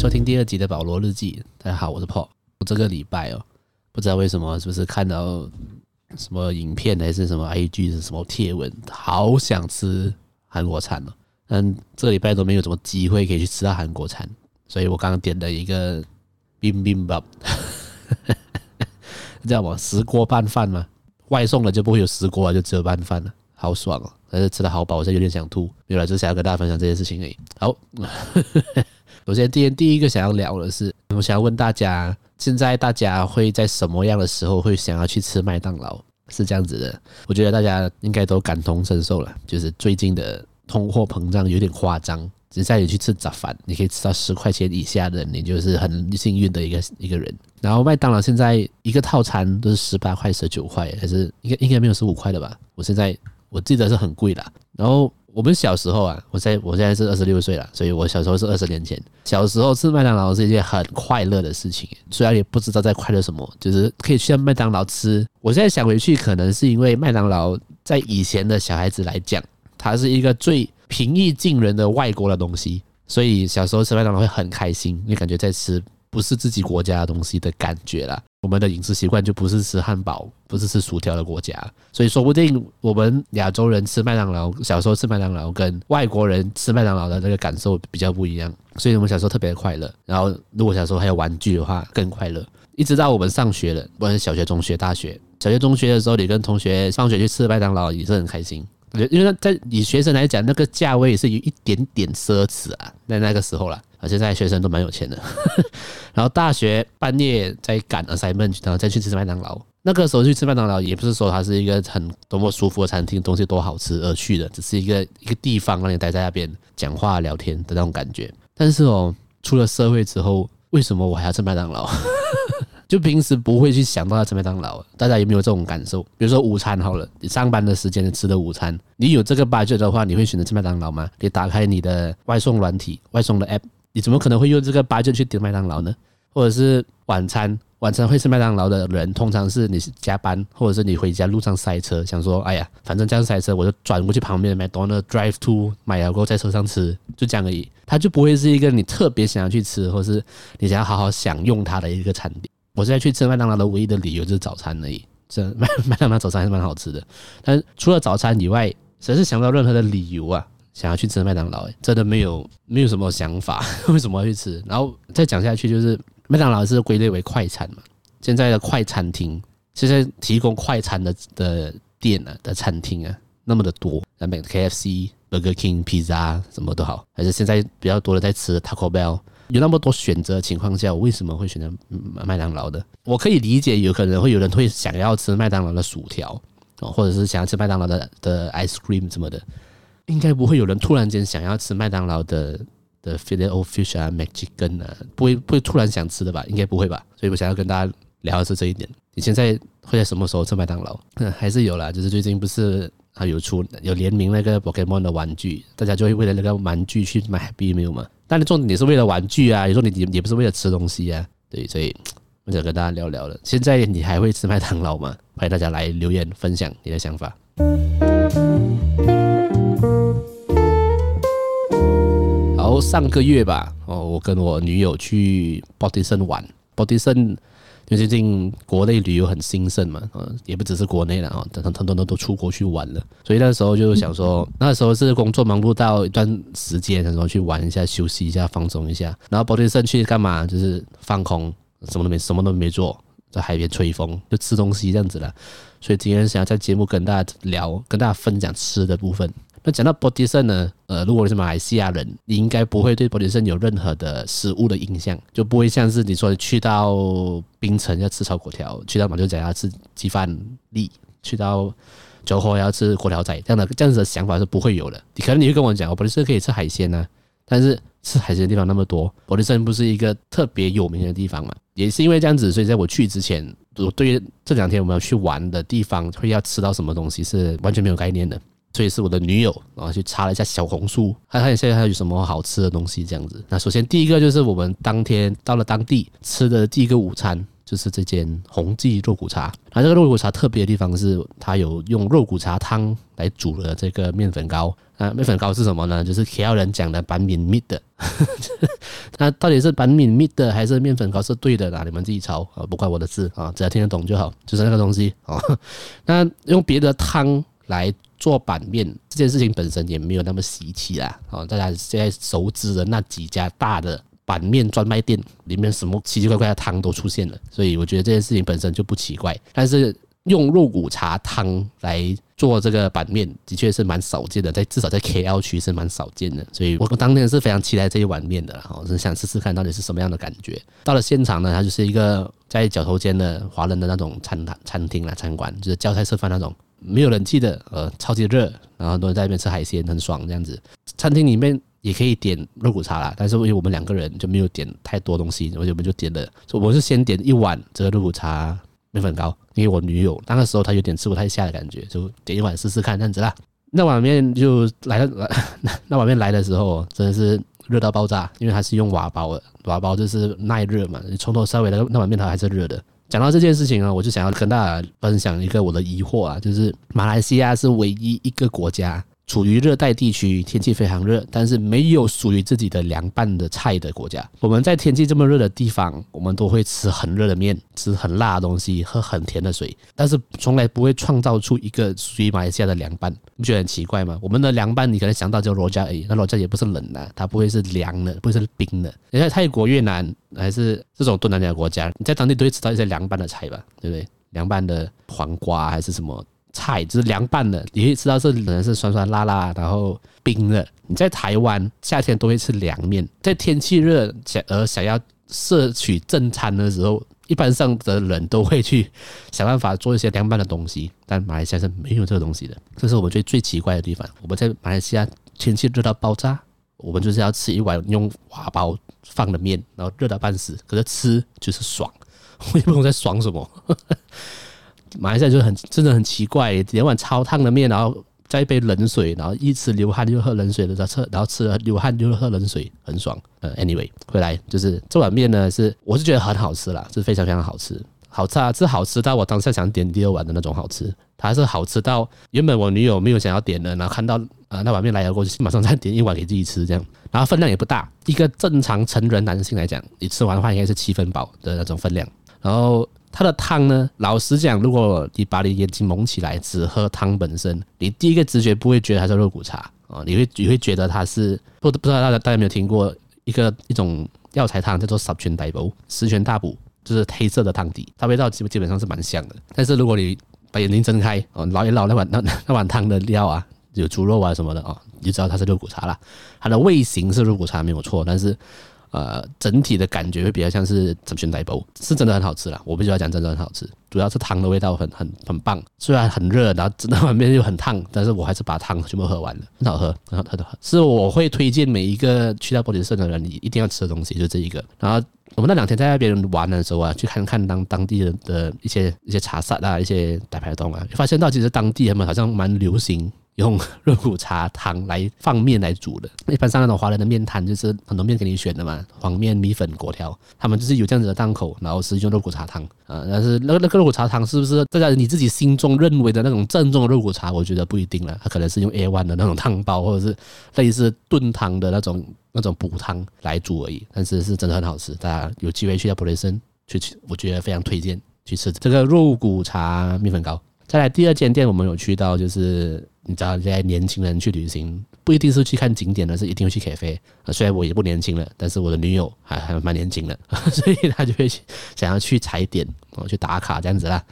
收聽第二集的保羅日記。大家好，我是 Paul。我這個禮拜哦，不知道為什麼，是不是看到什麼影片還是什麼 IG 是什麼貼文，好想吃韓國餐哦。但這個禮拜都沒有什麼機會可以去吃到韓國餐，所以我剛剛點了一個 bibimbap，知道嗎？石鍋拌飯嘛，外送了就不會有石鍋了，就只有拌飯了，好爽哦！但是吃得好飽，我現在有點想吐。原來就是想要跟大家分享這件事情誒。好。 首先，第第一個想要聊的是，我想要問大家，現在大家會在什麼樣的時候會想要去吃麥當勞？是這樣子的，我覺得大家應該都感同身受了，就是最近的通貨膨脹有點誇張，現在你去吃早飯，你可以吃到十塊錢以下的，你就是很幸運的一個一個人。然後麥當勞現在一個套餐都是十八塊、十九塊，還是應該應該沒有十五塊的吧？我現在我記得是很貴的啊。然後。我們小時候啊，我在我現在是二十六歲了，所以我小時候是二十年前。小時候吃麥當勞是一件很快樂的事情，雖然也不知道在快樂什麼，就是可以去到麥當勞吃。我現在想回去，可能是因為麥當勞在以前的小孩子來講，它是一個最平易近人的外國的東西，所以小時候吃麥當勞會很開心，因為感覺在吃不是自己國家的東西的感覺啦。我們的飲食習慣就不是吃漢堡，不是吃薯條的國家，所以說不定我們亞洲人吃麥當勞，小時候吃麥當勞跟外國人吃麥當勞的那個感受比較不一樣。所以我們小時候特別快樂，然後如果小時候還有玩具的話，更快樂。一直到我們上學了，不管是小學、中學、大學，小學、中學的時候，你跟同學放學去吃麥當勞也是很開心，因為在以學生來講，那個價位是有一點點奢侈啊，在那個時候了啊。而現在學生都蠻有錢的， 然後大學半夜在趕 assignment，然後再去吃麥當勞。那個時候去吃麥當勞，也不是說它是一個很多麼舒服的餐廳，東西多好吃而去的，只是一個一個地方讓你待在那邊講話聊天的那種感覺。但是哦，出了社會之後，為什麼我還要吃麥當勞？ 就平時不會去想到要吃麥當勞。大家有沒有這種感受？比如說午餐好了，你上班的時間你吃的午餐，你有這個 budget 的話，你會選擇吃麥當勞嗎？你打開你的外送軟體，外送的 app。你怎麼可能會用這個 budget 去點麥當勞呢？或者是晚餐，晚餐會吃麥當勞的人，通常是你加班，或者是你回家路上塞車，想說，哎呀，反正這樣塞車，我就轉過去旁邊的麥當勞，Drive to，買了過後在車上吃，就這樣而已。他就不會是一個你特別想要去吃，或是你想要好好享用它的一個餐點。我現在去吃麥當勞的唯一的理由就是早餐而已。這麥麥當勞早餐還是蠻好吃的，但除了早餐以外，真是想不到任何的理由啊，想要去吃麥當勞、欸，真的沒有沒有什麼想法， 為什麼要去吃？然後再講下去，就是麥當勞是歸類為快餐嘛。現在的快餐廳，現在提供快餐的的店啊、的餐廳啊，那麼的多，像 KFC、Burger King、Pizza 什麼都好，還是現在比較多的在吃 Taco Bell。有那麼多選擇情況下，我為什麼會選擇麥當勞的？我可以理解，有可能會有人會想要吃麥當勞的薯條，或者是想要吃麥當勞的的 ice cream 什麼的。應該不會有人突然間想要吃麥當勞的的 Filet-O-Fish 啊 McChicken 啊，不會不會突然想吃的吧？應該不會吧？所以我想要跟大家聊的是這一點。你現在會在什麼時候吃麥當勞？還是有啦，就是最近不是啊有出有聯名那個 Pokemon 的玩具，大家就會為了那個玩具去買，B M U 嘛？但你做你是為了玩具啊，有時候你你也不是為了吃東西啊，對，所以我想跟大家聊聊了。現在你還會吃麥當勞嗎？歡迎大家來留言分享你的想法。上個月吧，哦，我跟我女友去 Port Dickson 玩。Port Dickson，因為最近國內旅遊很興盛嘛，呃，也不只是國內了啊，等等等等都出國去玩了。所以那時候就是想說，那時候是工作忙碌到一段時間，然後去玩一下、休息一下、放鬆一下。然後 Port Dickson 去幹嘛？就是放空，什麼都沒，什麼都沒做，在海邊吹風，就吃東西這樣子啦。所以今天想要在節目跟大家聊，跟大家分享吃的部分。那講到 Port Dickson 呢，呃，如果是馬來西亞人，你應該不會對 Port Dickson 有任何的食物的印象，就不會像是你說去到檳城要吃炒粿條，去到馬六甲要吃雞飯粒，去到酒後要吃粿條仔這樣的，這樣子的想法是不會有的。你可能你會跟我講，Port Dickson 可以吃海鮮啊，但是吃海鮮的地方那麼多，Port Dickson 不是一個特別有名的地方嘛？也是因為這樣子，所以在我去之前，我對於這兩天我們要去玩的地方會要吃到什麼東西是完全沒有概念的。這也是我的女友，然後去查了一下小紅書，看看現在還有什麼好吃的東西。這樣子，那首先第一個就是我們當天到了當地吃的第一個午餐，就是這間紅記肉骨茶。那這個肉骨茶特別的地方是，它有用肉骨茶湯來煮了這個麵粉糕。啊，麵粉糕是什麼呢？就是凱奧人講的板敏密的。 那到底是板敏密的還是麵粉糕是對的呢？你們自己抄，不關我的事啊，只要聽得懂就好，就是那個東西啊。 那用別的湯。來做板面這件事情本身也沒有那麼稀奇啦，哦，大家現在熟知的那幾家大的板面專賣店裡面，什麼奇奇怪怪的湯都出現了，所以我覺得這件事情本身就不奇怪。但是用肉骨茶湯來做這個板面，的確是蠻少見的，在至少在 KL 區是蠻少見的。所以，我當天是非常期待這一碗麵的，哦，真想試試看到底是什麼樣的感覺。到了現場呢，它就是一個在角頭間的華人的那種餐餐廳啦，餐館，就是叫菜吃飯那種，沒有冷氣的，呃，超級熱，然後很多人在那邊吃海鮮，很爽這樣子。餐廳裡面也可以點肉骨茶啦，但是因為我們兩個人就沒有點太多東西，然後我們就點了，所以我是先點一碗這個肉骨茶面粉糕，因為我女友那個時候她有點吃不太下的感覺，就點一碗試試看這樣子啦。那碗麵就來了，那碗面來的時候真的是熱到爆炸，因為它是用瓦煲的，瓦煲就是耐熱嘛，從頭燒尾那碗面它還是熱的。講到這件事情呢，我就想要跟大家分享一個我的疑惑啊，就是馬來西亞是唯一一個國家，處於熱帶地區，天氣非常熱，但是沒有屬於自己的涼拌的菜的國家。我們在天氣這麼熱的地方，我們都會吃很熱的麵，吃很辣的東西，喝很甜的水，但是從來不會創造出一個屬於馬來西亞的涼拌。你覺得很奇怪嗎？我們的涼拌，你可能想到就羅加，誒，那羅加也不是冷的、啊，它不會是涼的，不會是冰的。你在泰國、越南還是這種東南亞國家，你在當地都會吃到一些涼拌的菜吧，對不對？涼拌的黃瓜還是什麼？菜，就是涼拌的，你會吃到這，可能是酸酸辣辣，然後冰的。你在台灣夏天都會吃涼麵，在天氣熱想呃想要攝取正餐的時候，一般上的人都會去想辦法做一些涼拌的東西。但馬來西亞是沒有這個東西的，這是我們最最奇怪的地方。我們在馬來西亞天氣熱到爆炸，我們就是要吃一碗用瓦煲放的面，然後熱到半死，可是吃就是爽，我也不懂在爽什麼。 馬來西亞就很真的很奇怪，點碗超燙的麵，然後加一杯冷水，然後一直流汗就喝冷水的時候，吃，然後吃了流汗就喝冷水，很爽。呃，anyway，回來就是這碗麵呢是我是覺得很好吃啦，是非常非常好吃，好吃，啊，是好吃，到我當下想點第二碗的那種好吃，它是好吃到原本我女友沒有想要點的，然後看到啊、呃、那碗麵來了過去，馬上再點一碗給自己吃，這樣，然後分量也不大，一個正常成人男性來講，你吃完的話應該是七分飽的那種分量，然後。它的湯呢？老實講，如果你把你眼睛蒙起來，只喝湯本身，你第一個直覺不會覺得它是肉骨茶啊，你會你會覺得它是不不知道大家大家有沒有聽過一個一種藥材湯叫做十全大補，十全大補就是黑色的湯底，它味道基基本上是蠻像的。但是如果你把眼睛睜開，哦，撈一撈那碗那碗那碗湯的料啊，有豬肉啊什麼的哦、啊，你就知道它是肉骨茶了。它的味型是肉骨茶沒有錯，但是。呃，整體的感覺會比較像是全臺包，是真的很好吃啦。我必須要講真的很好吃，主要是湯的味道很很很棒。雖然很熱，然後整到碗麵又很燙，但是我還是把湯全部喝完了，很好喝。很好喝的是我會推薦每一個去到波德申的人，你一定要吃的東西就是、這一個。然後我們那兩天在那邊玩的時候啊，去看看當當地人的一些一些茶室啊，一些大排檔啊，發現到其實當地他們好像蠻流行。用肉骨茶湯來放面來煮的，一般上那種華人的麵攤就是很多面給你選的嘛，黃面、米粉、粿條，他們就是有這樣子的檔口，然後是用肉骨茶湯啊。但是那那個肉骨茶湯是不是大家你自己心中認為的那種正宗的肉骨茶？我覺得不一定了，它可能是用 A one 的那種湯包，或者是類似燉湯的那種那種補湯來煮而已。但是是真的很好吃，大家有機會去到波德申去吃，我覺得非常推薦去吃這個肉骨茶米粉糕。再來第二間店，我們有去到就是。你知道這些年輕人去旅行，不一定是去看景點的，是一定要去 cafe。雖然我也不年輕了，但是我的女友還還蠻年輕的，所以她就會想要去踩點，哦，去打卡這樣子啦。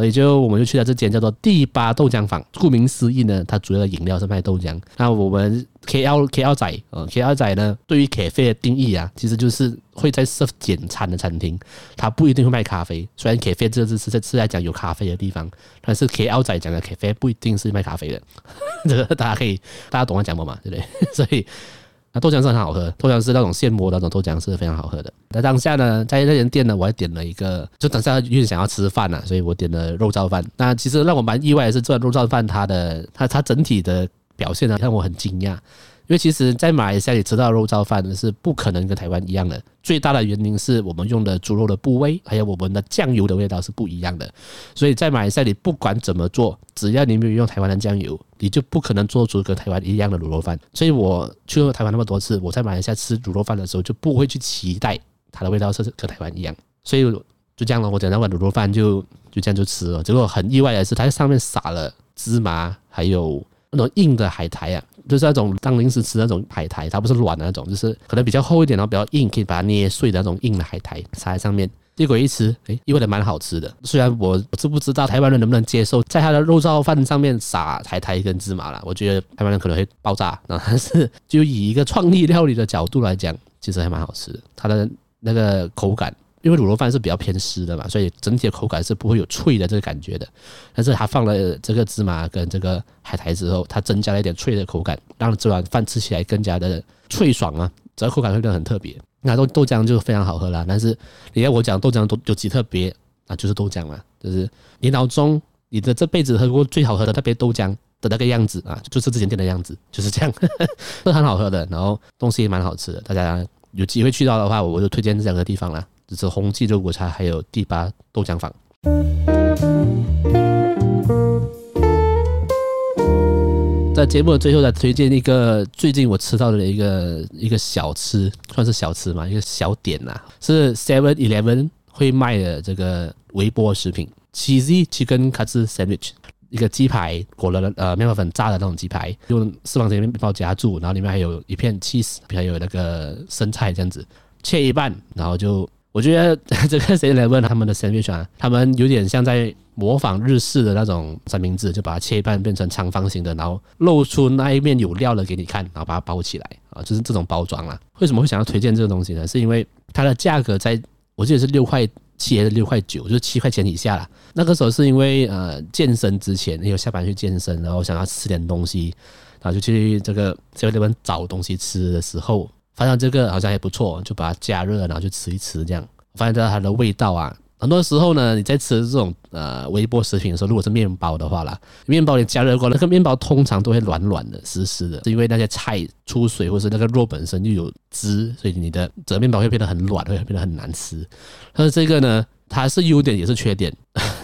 所以，就我們就去了這間叫做第八豆漿坊，顧名思義呢，它主要的飲料是賣豆漿。那我們 K L K L 仔呃 K L 仔呢，對於 cafe 的定義啊，其實就是會在設簡餐的餐廳，它不一定會賣咖啡。雖然 cafe 這是在是在講有咖啡的地方，但是 K L 仔講的 cafe 不一定是賣咖啡的， 這大家可以大家懂我講不嘛，對不對？所以。那豆漿是很好喝，豆漿是那種現磨的那種豆漿是非常好喝的。那當下呢，在那間店呢，我還點了一個，就當下因為想要吃飯呢、啊，所以我點了肉燥飯。那其實讓我蠻意外的是，這肉燥飯它的它它整體的表現呢，讓我很驚訝。因為其實，在馬來西亞你吃到肉燥飯，是不可能跟台灣一樣的。最大的原因是我們用的豬肉的部位，還有我們的醬油的味道是不一樣的。所以在馬來西亞，你不管怎麼做，只要你沒有用台灣的醬油，你就不可能做出跟台灣一樣的滷肉飯。所以我去過台灣那麼多次，我在馬來西亞吃滷肉飯的時候，就不會去期待它的味道是跟台灣一樣。所以就這樣了，我點那碗滷肉飯就就這樣就吃了。結果很意外的是，它上面撒了芝麻，還有那種硬的海苔啊。就是那種當零食吃那種海苔，它不是軟的那種，就是可能比較厚一點，然後比較硬，可以把它捏碎的那種硬的海苔撒在上面。結果一吃，誒，意外的蠻好吃的。雖然我知不知道台灣人能不能接受在他的肉燥飯上面撒海苔跟芝麻啦，我覺得台灣人可能會爆炸。但是就以一個創意料理的角度來講，其實還蠻好吃的，它的那個口感。因為滷肉飯是比較偏濕的嘛，所以整體的口感是不會有脆的這個感覺的。但是它放了這個芝麻跟這個海苔之後，它增加了一點脆的口感，讓這碗飯吃起來更加的脆爽啊，整個口感會變得很特別。那豆豆漿就非常好喝啦，但是你要我講豆漿都有幾特別啊，就是豆漿嘛，就是你腦中你的這輩子喝過最好喝的那杯豆漿的那個樣子啊，就是之前店的樣子，就是這樣， 是很好喝的，然後東西也蠻好吃的，大家有機會去到的話，我就推薦這兩個地方啦。是紅記肉骨茶，還有第八豆漿坊。在節目的最後再推薦一個最近我吃到的一個一個小吃，算是小吃嘛，一個小點吶、啊，是 Seven Eleven 會賣的這個微波食品，Cheese Chicken Cutlet Sandwich，一個雞排裹了呃麵包粉炸的那種雞排，用四方形麵包夾住，然後裡面還有一片 cheese，還有那個生菜這樣子，切一半，然後就。我覺得這個 Seven Eleven 他們的 sandwich，、啊、他們有點像在模仿日式的那種三明治，就把它切半變成長方形的，然後露出那一面有料的給你看，然後把它包起來啊，就是這種包裝了、啊。為什麼會想要推薦這個東西呢？是因為它的價格在我記得是六塊七還是六塊九，就是七塊錢以下啦。那個時候是因為呃健身之前，因為下班去健身，然後想要吃點東西，然後就去這個 Seven Eleven 找東西吃的時候。發現這個好像也不錯，就把它加熱，然後去吃一吃。這樣，發現它的味道啊，很多時候呢，你在吃這種呃微波食品的時候，如果是麵包的話啦，麵包你加熱過，那個麵包通常都會軟軟的、濕濕的，是因為那些菜出水，或是那個肉本身就有汁，所以你的整個麵包會變得很軟，會變得很難吃。但是這個呢，它是優點也是缺點，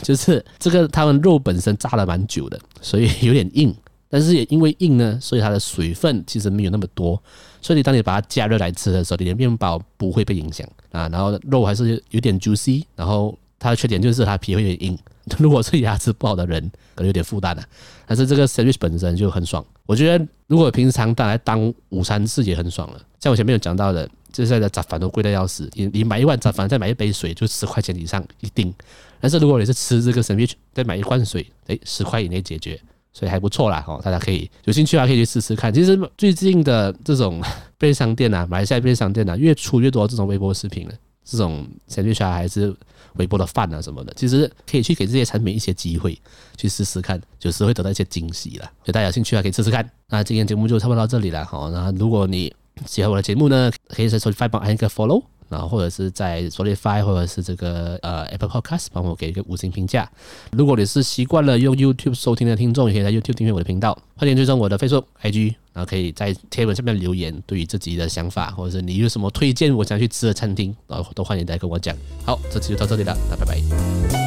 就是這個它們肉本身炸了蠻久的，所以有點硬。但是也因為硬呢，所以它的水分其實沒有那麼多。所以你當你把它加熱來吃的時候，你的麵包不會被影響啊。然後肉還是有點 juicy，然後它的缺點就是它皮會有點硬。如果是牙齒不好的人，可能有點負擔了。但是這個 sandwich 本身就很爽，我覺得如果平常帶來當午餐吃也很爽了啊。像我前面有講到的，現在的雜飯都貴的要死，你你買一碗雜飯再買一杯水就十塊錢以上一定。但是如果你是吃這個 sandwich，再買一罐水，誒，十塊以內解決。所以還不錯啦，吼！大家可以有興趣啊，可以去試試看。其實最近的這種便利商店吶、啊，馬來西亞便利商店吶、啊，越出越多這種微波食品了，這種像三明治還是微波的飯啊什麼的，其實可以去給這些產品一些機會，去試試看，有時會得到一些驚喜啦。所以大家有興趣啊，可以試試看。那今天節目就差不多到這裡了，哈。那如果你喜歡我的節目呢，可以在手機 f Follow。然後或者是在 Spotify 或者是這個呃 Apple Podcast 幫我給一個五星評價。如果你是習慣了用 YouTube 收聽的聽眾，也可以在 YouTube 訂閱我的頻道，歡迎追蹤我的 Facebook IG，然後可以在貼文下面留言，對於自己的想法，或者是你有什麼推薦我想去吃的餐廳，然後都歡迎來跟我講。好，這期就到這裡了，那拜拜。